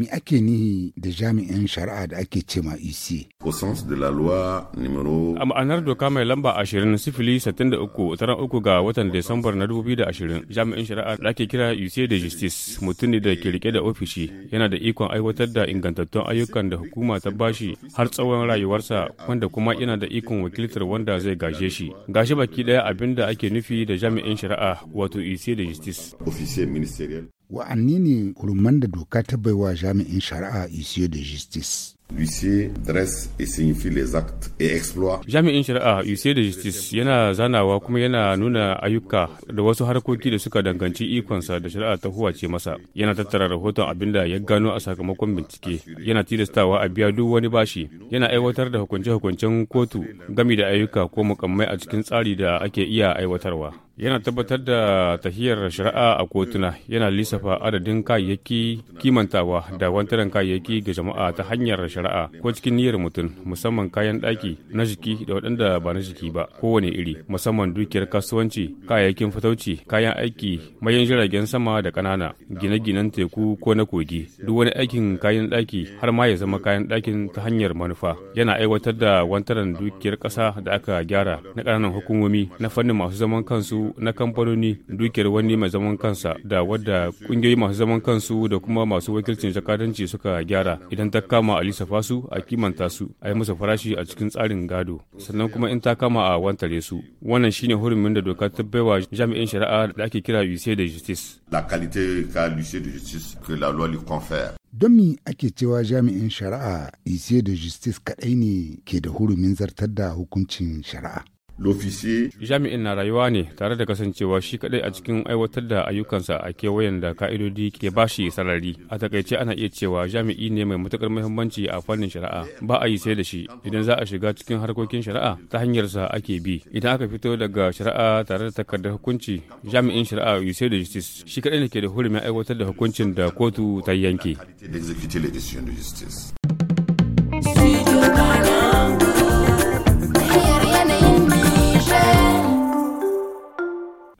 Me ake ni da jami'in shari'a da ake ce ma EC? A ma'anar doka mai lamba 20 sifili 63 taron uku ga watan Desambar na 2020 jami'in shari'a da ake kira EC de Justice mutum ne da ke rike da ofishi yana da ikon aiwatar da ingantattun ayyukan da hukuma ta bashi har tsawon rayuwarsa wanda kuma yana da ikon wakiltar wanda zai gaje shi. Gashi baki daya abin da ake nufi da jami'in shari'a wato EC de Justice. wa'anni ne kurman da doka ta baiwa jami'in shari'a isiyo da justice Huissier dresse et signifie les actes et exploits. Jami'in shari'a Huissier de Justice yana zanawa kuma yana nuna ayyuka da wasu harkoki da suka danganci ikonsa da shari'a ta huwace masa. Yana tattara rahoton abin da ya gano a sakamakon bincike, yana tilastawa a biya duk wani bashi, yana aiwatar da hukunce-hukuncen kotu gami da ayyuka ko mukammai a cikin tsari da ake iya aiwatarwa. yana tabbatar da tahiyar shari'a a kotuna yana lissafa adadin kayayyaki kimantawa da wantaran kayayyaki ga jama'a ta hanyar shari'a shari'a ko cikin niyyar mutum musamman kayan ɗaki na jiki da waɗanda ba na jiki ba kowane iri musamman dukiyar kasuwanci kayayyakin fatauci kayan aiki mayan jiragen sama da ƙanana gine-ginen teku ko na kogi duk wani aikin kayan ɗaki har ma ya zama kayan ɗakin ta hanyar manufa yana aiwatar da wantaran dukiyar ƙasa da aka gyara na ƙananan hukumomi na fannin masu zaman kansu na kamfanoni dukiyar wani mai zaman kansa da wadda ƙungiyoyi masu zaman kansu da kuma masu wakilcin jakadanci suka gyara idan ta kama alisa sarrafa su a kimanta su a yi masa farashi a cikin tsarin gado sannan kuma in ta kama a wantare su wannan shine hurumin da doka ta baiwa jami'in shari'a da ake kira huissier de justice la qualité qu'a l'huissier de justice que la loi lui confère don me ake cewa jami'in shari'a ise da justice kaɗai ne ke da hurumin zartar da hukuncin shari'a Jami'in na rayuwa ne tare da kasancewa shi kadai a cikin aiwatar da ayyukansa a kewayen da ka'idodi ke bashi sarari. A takaice ana iya cewa jami'i ne mai matukar muhimmanci a fannin shari'a. Ba a yi sai da shi idan za a shiga cikin harkokin shari'a ta hanyarsa ake bi. Idan aka fito daga shari'a tare da takardar hukunci, jami'in shari'a yi sai da justice shi kadai ne ke da hurumin aiwatar da hukuncin da kotu ta yanke. Studio Ghana.